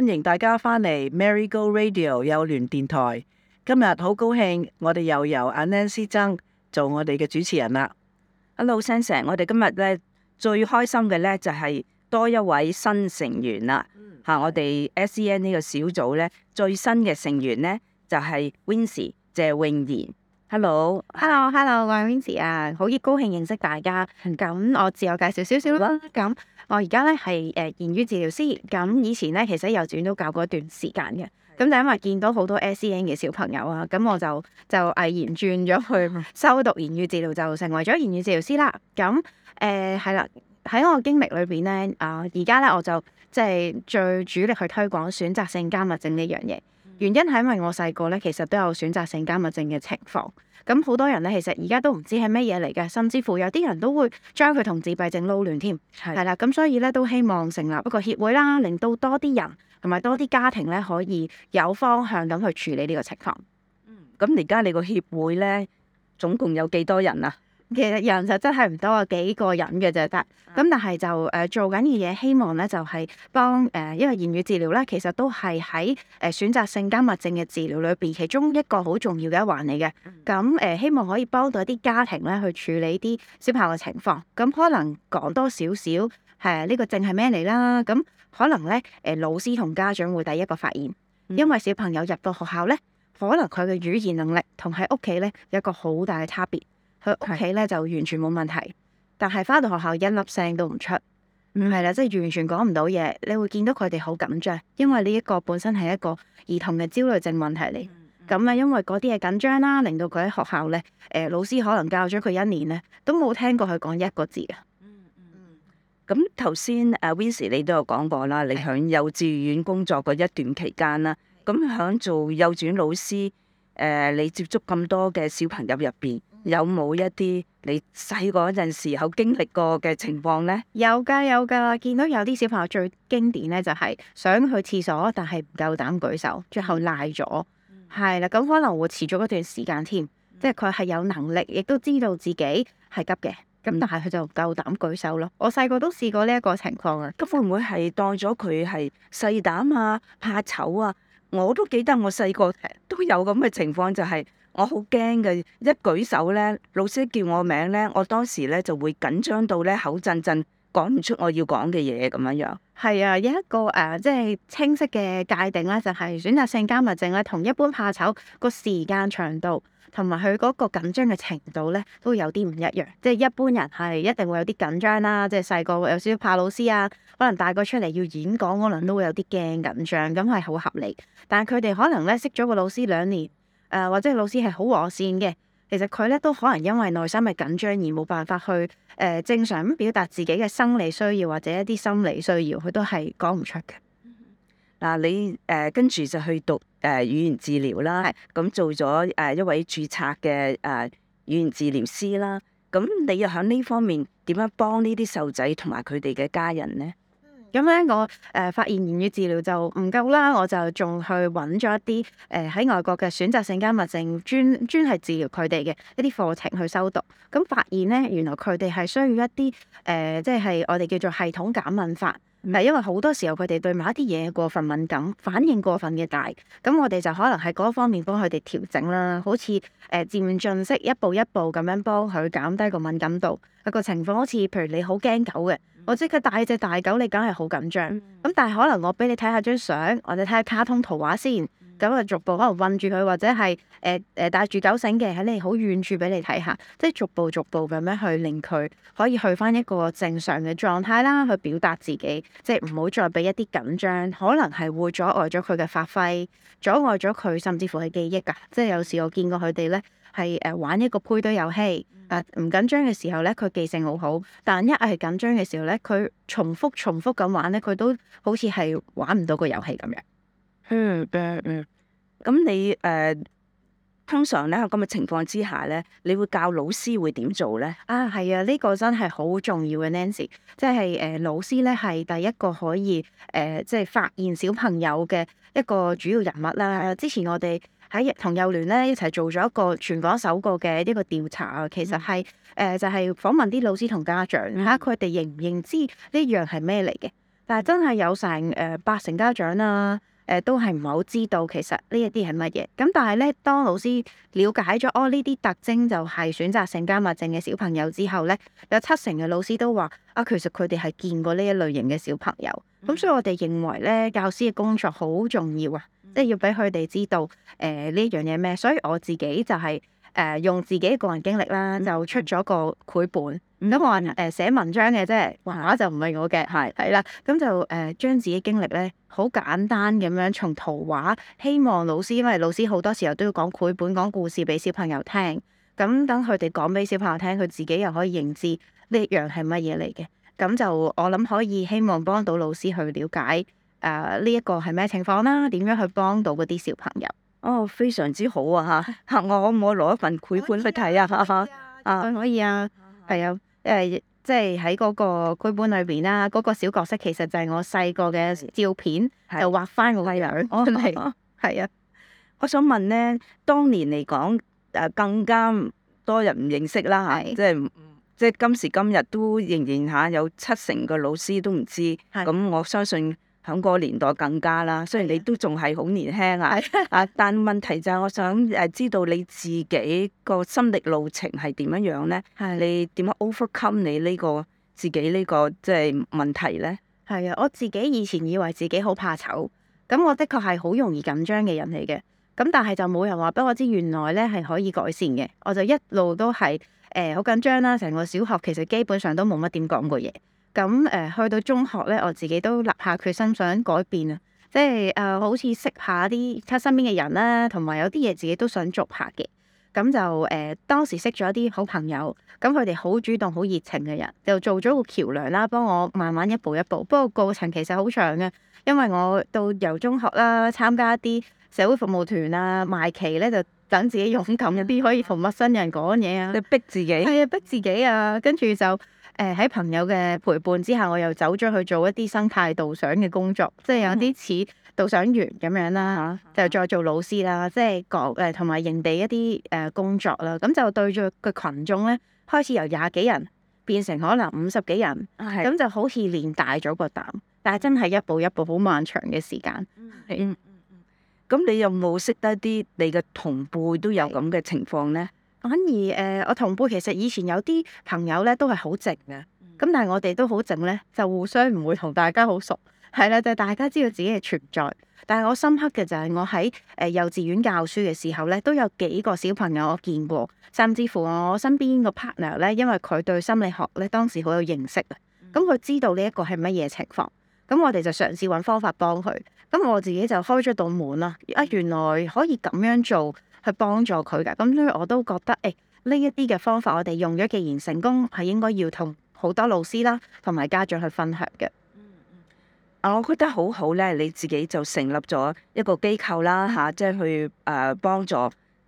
歡迎大家翻嚟 Marigo Radio 幼聯電台。今日好高興，我哋又由 Nancy 曾，做我哋嘅主持人啦。Hello Sansan，Hello，Hi。我哋今日咧最開心嘅咧就係多一位新成員啦。吓，我哋 SEN 呢個小組咧最新嘅成員咧就係 Wincy 謝永賢。Hello，Hello，Hello，我係 Wincy 啊，好高興認識大家。咁我自我介紹少少啦。咁、嗯我而家咧係誒言語治療師，咁以前咧其實幼稚園都教過一段時間嘅，咁就因為見到好多 SCN 嘅小朋友啊，咁我就就毅然轉咗去修讀言語治療，就成為咗言語治療師啦。咁誒係啦，喺、嗯嗯嗯、我經歷裏邊咧啊，而家咧我就即係最主力去推廣選擇性緘默症呢樣嘢，原因係因為我細個咧其實都有選擇性緘默症嘅情況。咁好多人咧，其實而家都唔知係咩嘢嚟嘅，甚至乎有啲人都會將佢同自閉症撈亂添，係啦的。咁所以咧，都希望成立一個協會啦，令到多啲人同埋多啲家庭咧，可以有方向咁去處理呢個情況。嗯，咁而家你個協會咧，總共有幾多人啊？其實人就真係唔多啊，幾個人嘅啫。得。咁但係就誒做緊嘅嘢，希望咧就係、是、幫誒、呃，因為言語治療咧，其實都係喺誒選擇性緘默症嘅治療裏邊，其中一個好重要嘅一環嚟嘅。咁、嗯、誒、呃、希望可以幫到一啲家庭咧去處理啲小朋友嘅情況。咁、嗯嗯嗯、可能講多少少係呢個症係咩嚟啦？咁可能咧誒老師同家長會第一個發現，因為小朋友入到學校咧，可能佢嘅語言能力同喺屋企咧有一個好大嘅差別。佢屋企咧就完全冇問題，但係翻到學校一粒聲都唔出，唔係啦，即係完全講唔到嘢。你會見到佢哋好緊張，因為呢一個本身係一個兒童嘅焦慮症問題嚟，咁咧因為嗰啲嘢緊張啦，令到佢喺學校咧，誒，老師可能教咗佢一年咧，都冇聽過佢講一個字啊。嗯嗯，咁頭先阿 Wincy 你都有講過啦，你喺幼稚園工作嗰一段期間啦，咁喺做幼稚園老師，誒，你接觸咁多嘅小朋友入邊。有冇一啲你細個嗰陣時候經歷過嘅情況咧？有噶有噶，見到有啲小朋友最經典咧，就係想去廁所，但係唔夠膽舉手，最後賴咗。係啦，咁可能會持續一段時間添，即係佢係有能力，亦都知道自己係急嘅，咁但係佢就唔夠膽舉手咯。我細個都試過呢一個情況啊。咁會唔會係當咗佢係細膽啊、怕醜啊？我都記得我細個都有咁嘅情況，就係、是。我好驚嘅，一舉手咧，老師叫我名咧，我當時咧就會緊張到咧口震震，講唔出我要講嘅嘢，咁樣樣。係啊，有一個誒，即、啊、係、就是、清晰嘅界定咧，就係、是、選擇性緘默症咧，同一般怕醜個時間長度同埋佢嗰個緊張嘅程度咧，都有啲唔一樣。即、就、係、是、一般人係一定會有啲緊張啦，即係細個會有少少怕老師啊，可能大個出嚟要演講，可能都會有啲驚緊張，咁係好合理。但係佢哋可能咧識咗個老師兩年。誒或者老師係好和善嘅，其實佢咧都可能因為內心係緊張而冇辦法去誒、呃、正常咁表達自己嘅生理需要或者一啲心理需要，佢都係講唔出嘅。嗱、嗯，你誒、呃、跟住就去讀誒、呃、語言治療啦，咁是做咗誒、呃、一位註冊嘅誒、呃、語言治療師啦。咁你又喺呢方面點樣幫呢啲細路仔同埋佢哋嘅家人咧？咁咧，我誒、呃、發現言語治療就唔夠啦，我就仲去揾咗一啲誒喺外國嘅選擇性緘默症專專係治療佢哋嘅一啲課程去修讀。咁發現咧，原來佢哋係需要一啲誒，即、呃、係、就是、我哋叫做系統減敏法。唔係，因為好多時候佢哋對某一啲嘢過分敏感，反應過分嘅大，咁我哋就可能係嗰方面幫佢哋調整啦。好似誒漸進式，呃、一步一步咁樣幫佢減低個敏感度。一個情況好似譬如你好驚狗嘅，我即刻帶隻大狗，你梗係好緊張。咁但係可能我俾你睇下張相，或者睇下卡通圖畫先。咁啊，逐步可能韞住佢，或者係誒誒帶住狗繩嘅喺你好遠處俾你睇下，即係逐步逐步咁樣去令佢可以去翻一個正常嘅狀態啦，去表達自己，即係唔好再俾一啲緊張，可能係會阻礙咗佢嘅發揮，阻礙咗佢，甚至乎係記憶㗎。即係有時我見過佢哋咧係誒玩一個配對遊戲，但唔緊張嘅時候咧，佢記性好好，但一係緊張嘅時候咧，佢重複重複咁玩咧，佢都好似係玩唔到個遊戲咁樣。嗯誒咁你誒、呃、通常咧咁嘅情況之下咧，你會教老師會點做咧？啊係啊，呢、啊呢個真係好重要嘅 Nancy，即係誒老師咧係第一個可以誒即係發現小朋友嘅一個主要人物啦。啊、之前我哋喺同幼聯咧一齊做咗一個全港首個嘅一個調查啊，嗯、其實係誒、呃、就係、是、訪問啲老師同家、嗯呃、家長啊，睇下佢哋認唔認知呢樣係咩嚟嘅？但係真係有成誒八成家長啦。誒都係唔係好知道，其實呢一啲係乜嘢咁？但係咧，當老師了解咗，哦呢啲特徵就係選擇性緘默症嘅小朋友之後咧，有七成嘅老師都話啊，其實佢哋係見過呢一類型嘅小朋友。咁所以我哋認為咧，教師嘅工作好重要啊，即係要俾佢哋知道誒呢一樣嘢咩。所以我自己就係。誒用自己個人經歷啦，就出咗個繪本。咁我誒寫文章嘅即係畫畫就唔係我嘅，係係啦。咁就誒、呃、將自己經歷咧，好簡單咁樣從圖畫，希望老師因為老師好多時候都要講繪本、講故事俾小朋友聽，咁等佢哋講俾小朋友聽，佢自己又可以認知呢一樣係乜嘢嚟嘅。咁就我諗可以希望幫到老師去了解誒呢一個係咩情況啦，點樣去幫到嗰啲小朋友。哦，非常之好啊！嚇嚇，我可唔可以攞一份繪本去睇啊？啊，可以啊。係啊，誒，即係喺嗰個繪本裏邊啦，嗰個小角色其實就係我細個嘅照片，就畫翻個樣。哦，係，係啊。我想問咧，當年嚟講，誒更加多人唔認識啦嚇，即係即係今時今日都仍然嚇有七成嘅老師都唔知。咁，我相信。響嗰個年代更加啦，雖然你都仲係好年輕啊，係啊，但問題就係我想知道你自己個心力路程係點樣樣咧？係你點樣 overcome 你呢個自己呢個即係問題咧？係啊，我自己以前以為自己好怕醜，咁我的確係好容易緊張嘅人嚟嘅，咁但係就冇人話俾我知原來咧係可以改善嘅，我就一路都係誒好緊張啦，成個小學其實基本上都冇乜點講過嘢。咁誒、呃、去到中學咧，我自己都立下決心想改變、呃、一一啊！即係誒，好似識下啲佢身邊嘅人啦，同埋有啲嘢自己都想做下嘅。咁就誒、呃、當時識咗一啲好朋友，咁佢哋好主動、好熱情嘅人，就做咗個橋梁啦，幫我慢慢一步一步。不過過程其實好長嘅，因為我到由中學啦，參加啲社會服務團啊，賣旗咧，就等自己勇敢一啲，可以同陌生人講嘢啊。你逼自己。係啊，逼自己啊，跟住就。誒喺朋友嘅陪伴之下，我又走咗去做一啲生態導賞嘅工作，即係有啲似導賞員咁樣啦，mm hmm. 就再做老師啦，即係講誒同埋營地一啲誒工作啦。咁就對住個群眾咧，開始由廿幾人變成可能五十幾人，咁、mm hmm. 就好似練大咗個膽，但係真係一步一步好漫長嘅時間。咁你有冇識得啲你嘅同輩都有咁嘅情況咧？反而誒、呃，我同輩其實以前有啲朋友咧都係好靜嘅，咁但係我哋都好靜咧，就互相唔會同大家好熟，係啦，但係大家知道自己嘅存在。但係我深刻嘅就係我喺誒、呃、幼稚園教書嘅時候咧，都有幾個小朋友我見過，甚至乎我身邊個 partner 咧，因為佢對心理學咧當時好有認識啊，咁佢知道呢一個係乜嘢情況，咁我哋就嘗試揾方法幫佢。咁我自己就開咗道門啦，啊，原來可以咁樣做。去幫助佢㗎，咁所以我都覺得，誒呢一啲嘅方法我哋用咗，既然成功，係應該要同好多老師啦，同埋家長去分享嘅。嗯嗯。啊，我覺得好好咧，你自己就成立咗一個機構啦，嚇、啊，即係去誒幫助、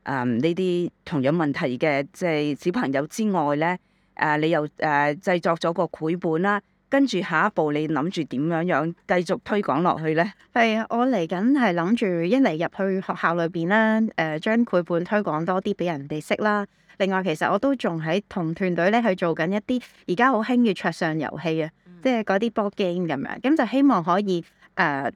呃、誒呢啲同樣問題嘅即係小朋友之外咧，誒、啊、你又誒、呃、製作咗個繪本啦。跟住下一步，你諗住點樣樣繼續推廣落去呢？係啊，我嚟緊係諗住一嚟入去學校裏邊啦，誒將繪本推廣多啲俾人哋識啦。另外，其實我都仲喺同團隊咧去做緊一啲而家好興嘅桌上遊戲啊，mm. 即係嗰啲 board game 咁樣。咁就希望可以誒喺、呃、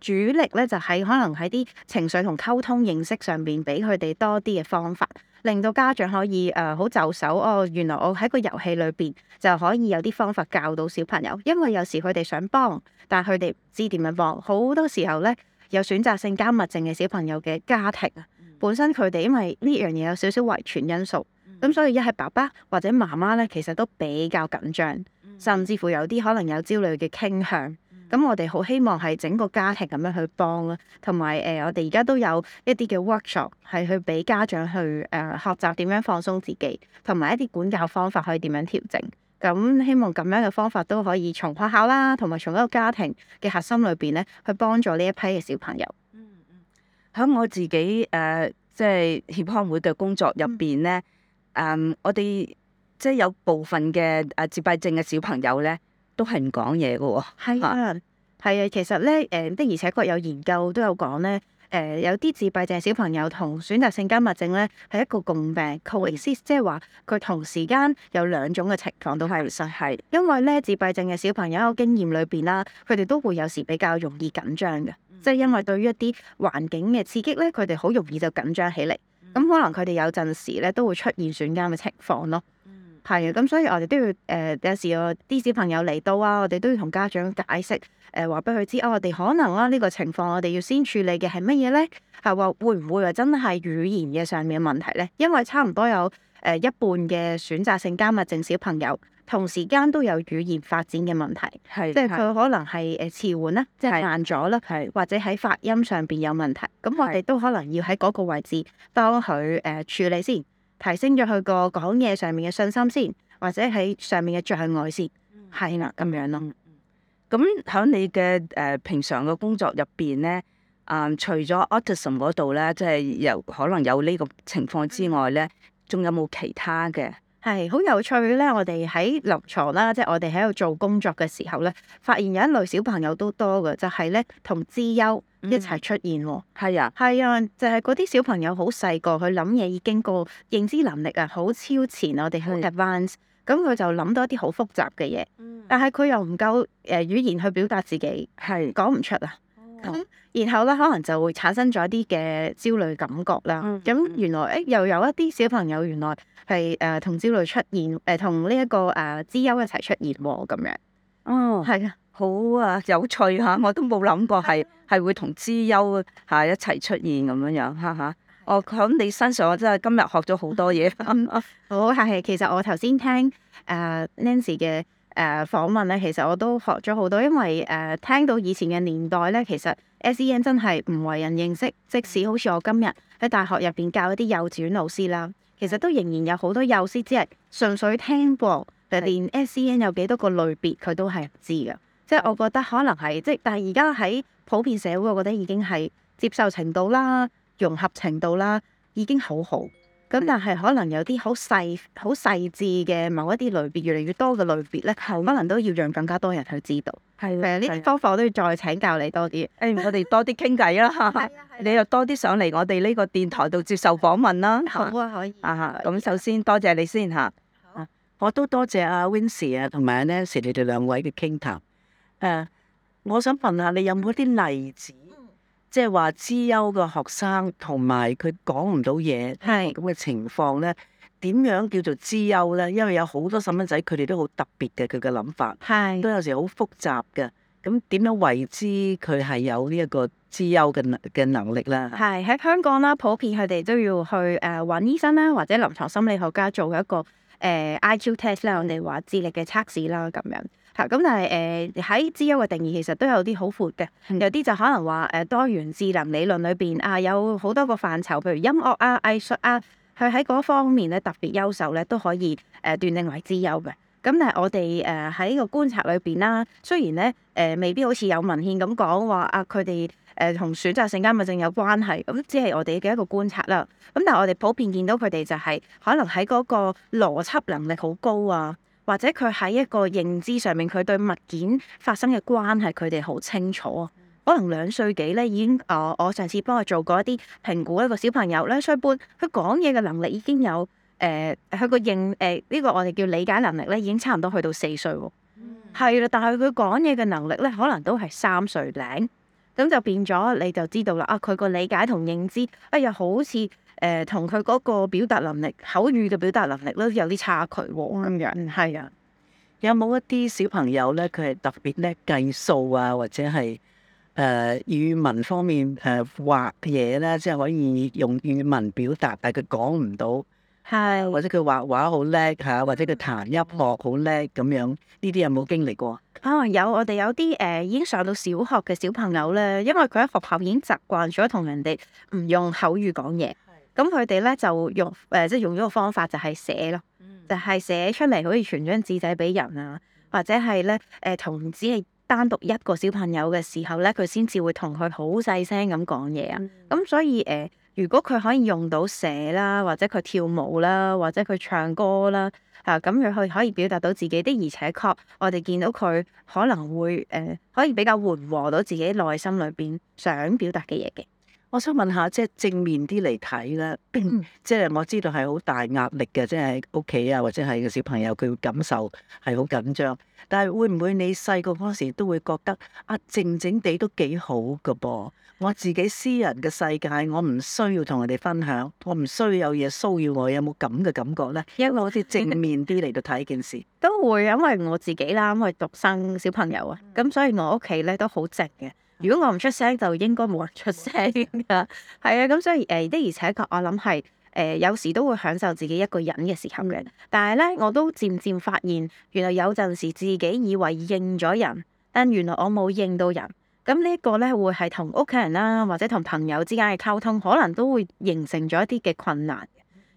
主力咧，就喺、是、可能喺啲情緒同溝通認識上邊俾佢哋多啲嘅方法。令到家長可以誒好、呃、就手哦，原來我喺個遊戲裏邊就可以有啲方法教到小朋友，因為有時佢哋想幫，但佢哋唔知點樣幫。好多時候咧，有選擇性緘默症嘅小朋友嘅家庭啊，本身佢哋因為呢樣嘢有少少遺傳因素，咁所以一係爸爸或者媽媽咧，其實都比較緊張，甚至乎有啲可能有焦慮嘅傾向。咁我哋好希望係整個家庭咁樣去幫啦、啊，同埋誒我哋而家都有一啲嘅 workshop 係去俾家長去誒、呃、學習點樣放鬆自己，同埋一啲管教方法可以點樣調整。咁、嗯、希望咁樣嘅方法都可以從學校啦，同埋從一個家庭嘅核心裏邊咧，去幫助呢一批嘅小朋友。嗯嗯，喺我自己誒，即係協康會嘅工作入邊咧，嗯、呃，我哋即係有部分嘅啊自閉症嘅小朋友咧。都係唔講嘢嘅喎，係啊，係啊，啊，其實咧，誒、呃、的而且確有研究都有講咧，誒、呃、有啲自閉症小朋友同選擇性緘默症咧係一個共病 coexist、嗯、即係話佢同時間有兩種嘅情況都係，其實係因為咧自閉症嘅小朋友有經驗裏邊啦，佢哋都會有時比較容易緊張嘅，即、就、係、是、因為對於一啲環境嘅刺激咧，佢哋好容易就緊張起嚟，咁可能佢哋有陣時咧都會出現選緘嘅情況咯。係，咁、嗯、所以我哋都要誒、呃、有時我啲小朋友嚟到啊，我哋都要同家長解釋誒，話俾佢知哦、呃，我哋可能啊，呢個情況，我哋要先處理嘅係乜嘢咧？係話會唔會話真係語言嘅上面嘅問題咧？因為差唔多有誒一半嘅選擇性緘默症小朋友，同時間都有語言發展嘅問題，係是即係佢可能係誒遲緩啦，是即係慢咗啦，係是或者喺發音上邊有問題，咁是我哋都可能要喺嗰個位置幫佢誒處理先。提升咗佢個講嘢上面嘅信心先，或者喺上面嘅障礙先，係啦咁樣咯。咁喺你嘅誒、呃、平常嘅工作入邊咧，啊、嗯、除咗 autism 嗰度咧，即係有可能有呢個情況之外咧，仲有冇其他嘅？係好有趣咧，我哋喺臨牀啦，即係我哋喺度做工作嘅時候咧，發現有一類小朋友都多嘅，就係咧同資優。一齊出現喎，係、mm hmm. 啊，係啊，就係嗰啲小朋友好細個，佢諗嘢已經個認知能力啊，好超前我哋去 advance，咁佢就諗到一啲好複雜嘅嘢，但係佢又唔夠誒語言去表達自己，係講唔出啊。咁、mm hmm. 然後咧，可能就會產生咗一啲嘅焦慮感覺啦。咁、mm hmm. 原來誒又有一啲小朋友原來係誒同焦慮出現，誒同呢一個誒資優一齊出現喎，咁樣。哦，係啊的，好啊，有趣嚇、啊！我都冇諗過係係會同之優嚇一齊出現咁樣樣嚇嚇。啊啊、的哦，咁你身上我真係今日學咗好多嘢。好的，係、 哦。其實我頭先聽誒、呃、Nancy 嘅誒訪問咧，其實我都學咗好多，因為誒、呃、聽到以前嘅年代咧，其實 SEN 真係唔為人認識。即使好似我今日喺大學入邊教一啲幼稚園老師啦，其實都仍然有好多幼師只係純粹聽過。連 SCN 有幾多個類別，佢都係知嘅。即係我覺得可能係，即係但係而家喺普遍社會，我覺得已經係接受程度啦、融合程度啦，已經好好。咁但係可能有啲好細、好細緻嘅某一啲類別，越嚟越多嘅類別咧，的可能都要讓更加多人去知道。係啊的，呢啲方法我都要再請教你多啲。誒、哎，我哋多啲傾偈啦， 你又多啲上嚟我哋呢個電台度接受訪問啦。好啊，可以。可以啊哈，咁首先以多謝你先嚇。我都多謝阿、啊、Wincy 啊，同埋 Nancy，你哋兩位嘅傾談，談。誒、呃，我想問下你有冇啲例子，即係話資優嘅學生同埋佢講唔到嘢，係咁嘅情況咧，點樣叫做資優咧？因為有好多細蚊仔，佢哋都好特別嘅，佢嘅諗法係是都有時好複雜嘅。咁點樣為之佢係有呢一個資優嘅嘅能力咧？係喺香港啦、啊，普遍佢哋都要去誒揾、呃、醫生啦、啊，或者臨床心理學家做一個。誒、呃、IQ test 咧，我哋話智力嘅測試啦，咁樣嚇咁、嗯，但係誒喺資優嘅定義其實都有啲好闊嘅，有啲就可能話誒、呃、多元智能理論裏邊啊，有好多個範疇，譬如音樂啊、藝術啊，佢喺嗰方面咧特別優秀咧，都可以誒、呃、斷定為資優嘅。咁但係我哋誒喺呢個觀察裏邊啦，雖然咧誒、呃、未必好似有文獻咁講話啊，佢哋。誒，同選擇性緘默症有關係，咁只係我哋嘅一個觀察啦。咁但係我哋普遍見到佢哋就係、是、可能喺嗰個邏輯能力好高啊，或者佢喺一個認知上面，佢對物件發生嘅關係佢哋好清楚啊。可能兩歲幾呢已經誒、呃，我上次幫佢做過一啲評估一、那個小朋友兩歲半佢講嘢嘅能力已經有誒，佢、呃、個認誒呢、呃這個我哋叫理解能力呢已經差唔多去到四歲，係啦、嗯。但係佢講嘢嘅能力呢，可能都係三歲零。咁就變咗，你就知道啦。啊，佢個理解同認知，哎呀，好似誒同佢嗰個表達能力、口語嘅表達能力咧，有啲差距喎、哦。咁樣，係啊。有冇一啲小朋友咧，佢係特別叻計數啊，或者係誒、呃、語文方面誒、呃、畫嘢咧，即係可以用語文表達，但係佢講唔到。係是，或者佢畫畫好叻吓，或者佢彈音樂好叻咁樣，呢啲有冇經歷過？啊，有，我哋有啲誒、呃，已經上到小學嘅小朋友咧，因為佢喺學校已經習慣咗同人哋唔用口語講嘢，咁佢哋咧就用誒、呃，即係用呢個方法就係寫咯，就係、是、寫出嚟好似傳張紙仔俾人啊，或者係咧誒，同、呃、只係單獨一個小朋友嘅時候咧，佢先至會同佢好細聲咁講嘢啊，咁所以誒。呃如果佢可以用到寫啦，或者佢跳舞啦，或者佢唱歌啦，啊，咁佢去可以表達到自己的，而且確我哋見到佢可能會誒、呃、可以比較緩和到自己內心裏邊想表達嘅嘢嘅。我想問下，即係正面啲嚟睇啦，即係、嗯、我知道係好大壓力嘅，即係屋企啊，或者係個小朋友佢會感受係好緊張。但係會唔會你細個嗰時都會覺得啊靜靜地都幾好嘅噃？我自己私人嘅世界，我唔需要同人哋分享，我唔需要有嘢騷擾我，有冇咁嘅感覺咧？一路好似正面啲嚟到睇件事，都會，因為我自己啦，因為獨生小朋友啊，咁所以我屋企咧都好靜嘅。如果我唔出聲，就應該冇人出聲，啦。 係啊，咁所以誒的而且確，我諗係誒有時都會享受自己一個人嘅時候嘅。但係咧，我都漸漸發現，原來有陣時自己以為認咗人，但原來我冇認到人。咁呢一個咧，會係同屋企人啦，或者同朋友之間嘅溝通，可能都會形成咗一啲嘅困難。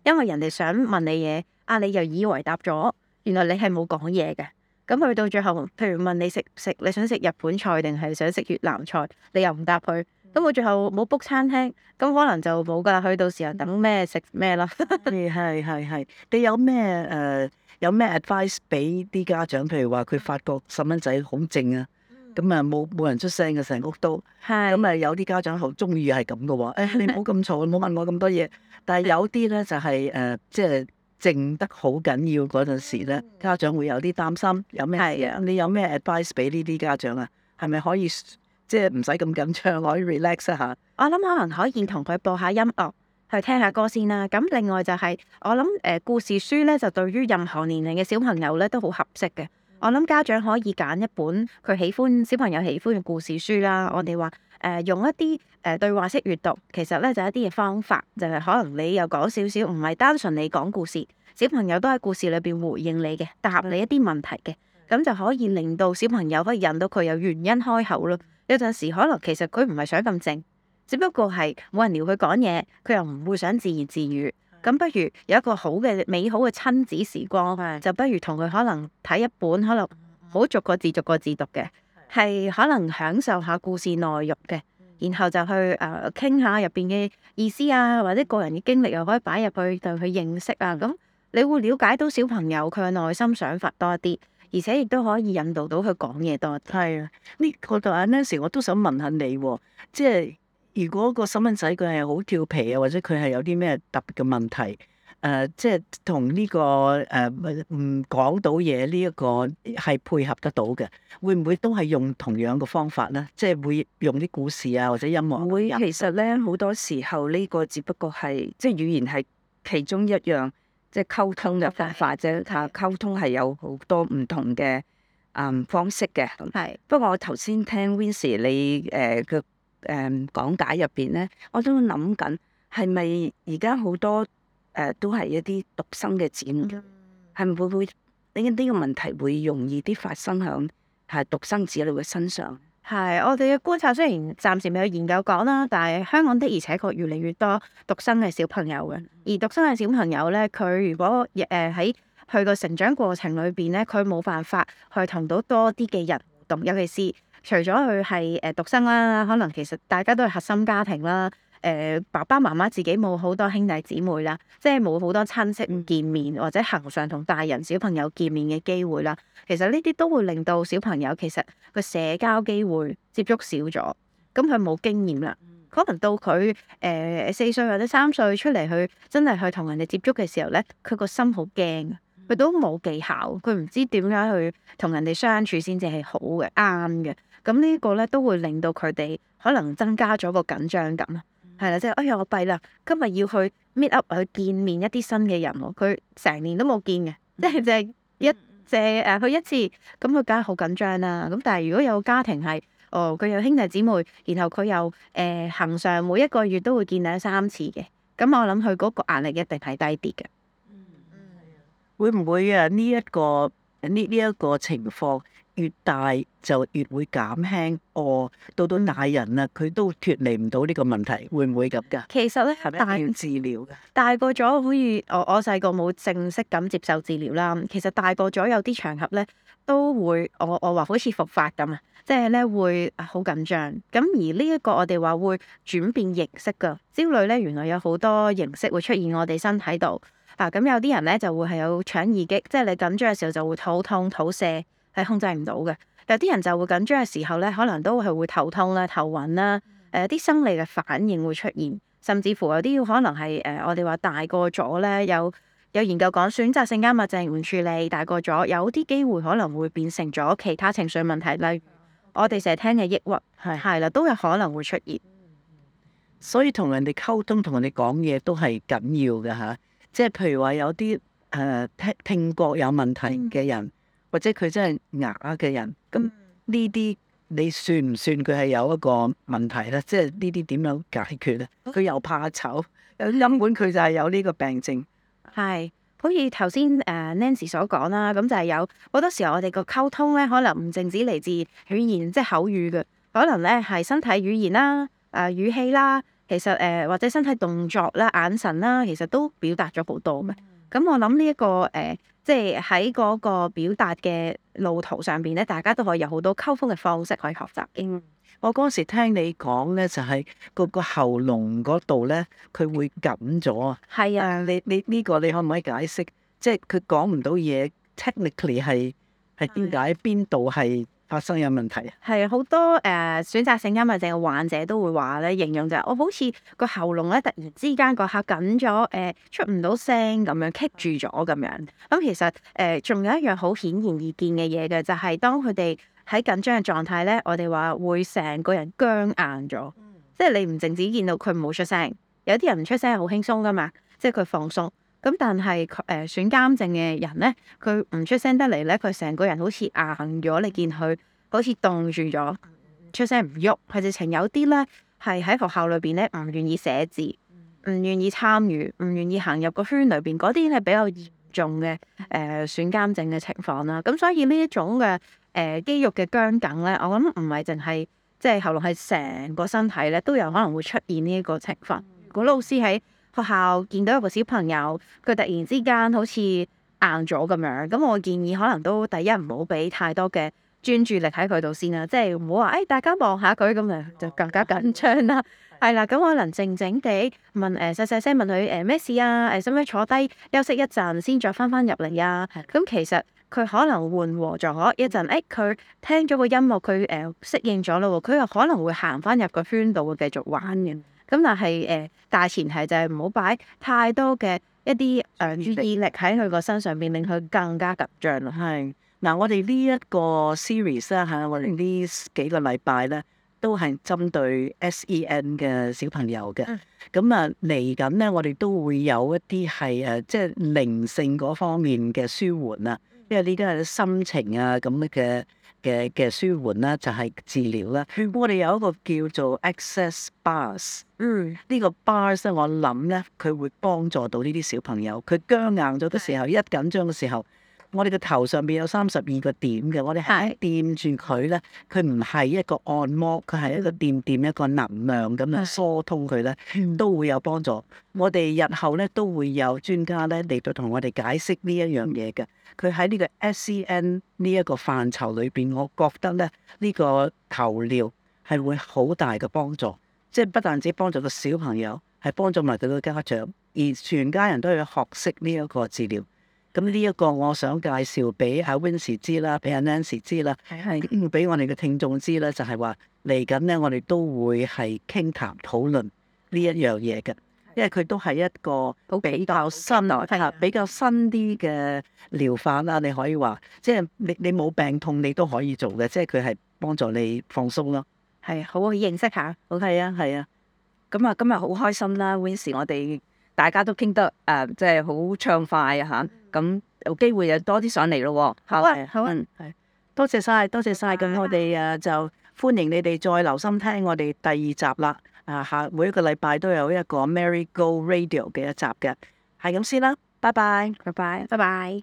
因為人哋想問你嘢，啊你又以為答咗，原來你係冇講嘢嘅。咁去到最後，譬如問你食食，你想食日本菜定係想食越南菜，你又唔答佢。咁佢最後冇 book 餐廳，咁可能就冇噶啦。去到時候等咩食咩啦？係係係。你有咩誒？Uh, 有咩 advice 俾啲家長？譬如話佢發覺細蚊仔好靜啊？咁啊，冇冇人出聲嘅，成屋都。係。咁啊，有啲家長好中意係咁嘅喎。誒，你唔好咁嘈，唔好 問我咁多嘢。但係有啲咧就係誒，即係靜得好緊要嗰陣時咧，家長會有啲擔心，有咩？係啊。你有咩 advice 俾呢啲家長啊？係咪可以即係唔使咁緊張，可以 relax 一下？我諗可能可以同佢播下音樂，去聽下歌先啦。咁另外就係我諗誒，故事書咧就對於任何年齡嘅小朋友咧都好合適嘅。我諗家長可以揀一本佢喜歡小朋友喜歡嘅故事書啦。我哋話誒用一啲誒、呃、對話式閱讀，其實咧就係、一啲嘅方法，就係、是、可能你又講少少，唔係單純你講故事，小朋友都喺故事裏邊回應你嘅，答你一啲問題嘅，咁就可以令到小朋友可以引到佢有原因開口咯。有陣時可能其實佢唔係想咁靜，只不過係冇人撩佢講嘢，佢又唔會想自言自語。咁不如有一個好嘅美好嘅親子時光，的就不如同佢可能睇一本，可能好逐個字逐個字讀嘅，係的可能享受下故事內容嘅，然後就去誒傾、呃、下入邊嘅意思啊，或者個人嘅經歷又可以擺入去，就去認識啊。咁你會了解到小朋友佢嘅內心想法多啲，而且亦都可以引導到佢講嘢多。係啊，呢個話呢時我都想問，問下你，即係。如果個細蚊仔佢係好調皮啊，或者佢係有啲咩特別嘅問題，誒、呃，即係同呢個誒唔講到嘢呢一個係配合得到嘅，會唔會都係用同樣嘅方法咧？即係會用啲故事啊，或者音樂啊。會其實咧，好多時候呢個只不過係即係語言係其中一樣即係溝通嘅方法啫。係的溝通係有好多唔同嘅嗯方式嘅。係的不過我頭先聽 Wincy 你誒嘅。呃誒、嗯、講解入邊咧，我都諗緊，係咪而家好多誒都係一啲獨生嘅展，妹，係咪會唔會呢個問題會容易啲發生喺係獨生子女嘅身上？係，我哋嘅觀察雖然暫時未有研究講啦，但係香港的而且確越嚟越多獨生嘅小朋友嘅，而獨生嘅小朋友咧，佢如果誒喺佢個成長過程裏邊咧，佢冇辦法去同到多啲嘅人互動，尤其是。除咗佢係誒獨生啦，可能其實大家都係核心家庭啦。誒、呃，爸爸媽媽自己冇好多兄弟姊妹啦，即係冇好多親戚唔見面或者恆常同大人小朋友見面嘅機會啦。其實呢啲都會令到小朋友其實個社交機會接觸少咗，咁佢冇經驗啦。可能到佢誒四歲或者三歲出嚟去真係去同人哋接觸嘅時候咧，佢個心好驚，佢都冇技巧，佢唔知點樣去同人哋相處先至係好嘅啱嘅。咁呢一個咧都會令到佢哋可能增加咗個緊張感，係啦，即係哎呀我弊啦，今日要去 meet up 去見面一啲新嘅人喎，佢成年都冇見嘅，即係就係一隻誒去一次，咁佢梗係好緊張啦。咁但係如果有家庭係哦，佢有兄弟姊妹，然後佢有誒行、呃、常每一個月都會見兩三次嘅，咁、嗯、我諗佢嗰個壓力一定係低啲嘅。嗯，會唔會啊？呢、這、一個呢呢一個情況。越大就越會減輕餓，到到大人啦、啊，佢都脫離唔到呢個問題，會唔會咁㗎？其實咧，係咪大唔治療㗎。大過咗，好似我我細個冇正式咁接受治療啦。其實大過咗有啲場合咧，都會我我話好似復發咁啊，即係咧會好緊張。咁而呢一個我哋話會轉變形式㗎，焦慮咧原來有好多形式會出現我哋身體度啊。咁有啲人咧就會係有腸易激，即係你緊張嘅時候就會肚痛，痛、肚瀉。係控制唔到嘅，有啲人就會緊張嘅時候咧，可能都係會頭痛啦、頭暈啦，誒、呃，啲生理嘅反應會出現，甚至乎有啲可能係誒、呃，我哋話大個咗咧，有有研究講選擇性緘默症唔處理，大個咗有啲機會可能會變成咗其他情緒問題，例如我哋成日聽嘅抑鬱係係啦，都有可能會出現。所以同人哋溝通、同人哋講嘢都係緊要嘅吓，即係譬如話有啲誒、呃、聽聽覺有問題嘅人。嗯或者佢真係啞嘅人，咁呢啲你算唔算佢係有一個問題咧？即係呢啲點樣解決咧？佢又怕醜，有啲陰管佢就係有呢個病症。係，好似頭先誒 Nancy 所講啦，咁就係有好多時候我哋個溝通咧，就是，可能唔淨止嚟自語言，即係口語嘅，可能咧係身體語言啦、誒、呃、語氣啦，其實誒、呃、或者身體動作啦、眼神啦，其實都表達咗好多咩。咁我諗呢一個誒。呃即係喺嗰個表達嘅路途上邊咧，大家都可以有好多溝通嘅方式可以學習。嗯，我嗰時聽你講咧，就係個個喉嚨嗰度咧，佢會緊咗啊。係啊，你你呢個你可唔可以解釋？即係佢講唔到嘢，technically 係係點解邊度係？發生有問題啊！係好多誒、呃、選擇性緘默症嘅患者都會話咧，形容就係、是、我、哦、好似個喉嚨咧突然之間個嚇緊咗，誒、呃、出唔到聲咁樣棘住咗咁樣。咁、嗯、其實誒仲、呃、有一樣好顯而易見嘅嘢嘅，就係、是、當佢哋喺緊張嘅狀態咧，我哋話會成個人僵硬咗。即係你唔淨止見到佢冇出聲，有啲人唔出聲係好輕鬆㗎嘛，即係佢放鬆。咁但係佢誒選緘症嘅人咧，佢唔出聲得嚟咧，佢成個人好似硬咗，你見佢好似凍住咗，出聲唔喐。佢直情有啲咧，係喺學校裏邊咧唔願意寫字，唔願意參與，唔願意行入個圈裏邊，嗰啲咧比較嚴重嘅誒、呃、選緘症嘅情況啦。咁所以呢一種嘅誒、呃、肌肉嘅僵梗咧，我諗唔係淨係即係喉嚨，係成個身體咧都有可能會出現呢一個情況。個老師喺學校見到有個小朋友，佢突然之間好似硬咗咁樣，咁我建議可能都第一唔好俾太多嘅專注力喺佢度先啦、啊，即係唔好話誒大家望下佢，咁樣就更加緊張啦。係 啦，咁可能靜靜地問誒細細聲問佢誒咩事啊？誒、呃，使唔使坐低休息一陣先再翻翻入嚟呀？咁其實佢可能緩和咗，一陣誒佢聽咗個音樂佢誒適應咗啦，佢又可能會行翻入個圈度會繼續玩嘅。咁但係誒大前提就係唔好擺太多嘅一啲誒注意力喺佢個身上邊，令佢更加緊張咯。係，嗱我哋呢一個 series 啦、啊、嚇，我哋呢幾個禮拜咧都係針對 SEN 嘅小朋友嘅。咁、嗯、啊嚟緊咧，我哋都會有一啲係誒，即、就、係、是、靈性嗰方面嘅舒緩啦，因為呢啲係心情啊咁嘅。嘅嘅舒緩啦，就係治療啦。 我哋有一個叫做 Access Bars，嗯，呢個 bars 咧，我諗咧，佢會幫助到呢啲小朋友，佢僵硬咗嘅時候，一緊張嘅時候。我哋嘅頭上邊有三十二個點嘅，我哋係掂住佢呢，佢唔係一個按摩，佢係一個掂掂一個能量咁樣疏通佢呢，都會有幫助。我哋日後呢，都會有專家呢嚟到同我哋解釋呢一樣嘢嘅。佢喺呢個 SEN 呢一個範疇裏邊，我覺得咧呢個頭療係會好大嘅幫助，即係不但止幫助個小朋友，係幫助埋佢個家長，而全家人都要學識呢一個治療。咁呢一個我想介紹俾阿 Wincy 知啦，俾阿 Nancy 知啦，俾是我哋嘅聽眾知啦，就係話嚟緊咧，我哋都會係傾談討論呢一樣嘢嘅，因為佢都係一個比較新啊，睇下比較新啲嘅療法啦。你可以話，即係你你冇病痛你都可以做嘅，即係佢係幫助你放鬆咯。係，好，好認識下，好係啊，係啊。咁啊，今日好開心啦，Wincy，我哋。大家都傾得誒，即係好暢快嚇，咁有機會又多啲上嚟咯。嗯嗯嗯、好啊，好啊，係，多謝晒！多謝晒！咁我哋啊就歡迎你哋再留心聽我哋第二集啦。啊，下每一個禮拜都有一個 Mary Go Radio 嘅一集嘅，係咁先啦。拜拜，拜拜，拜拜。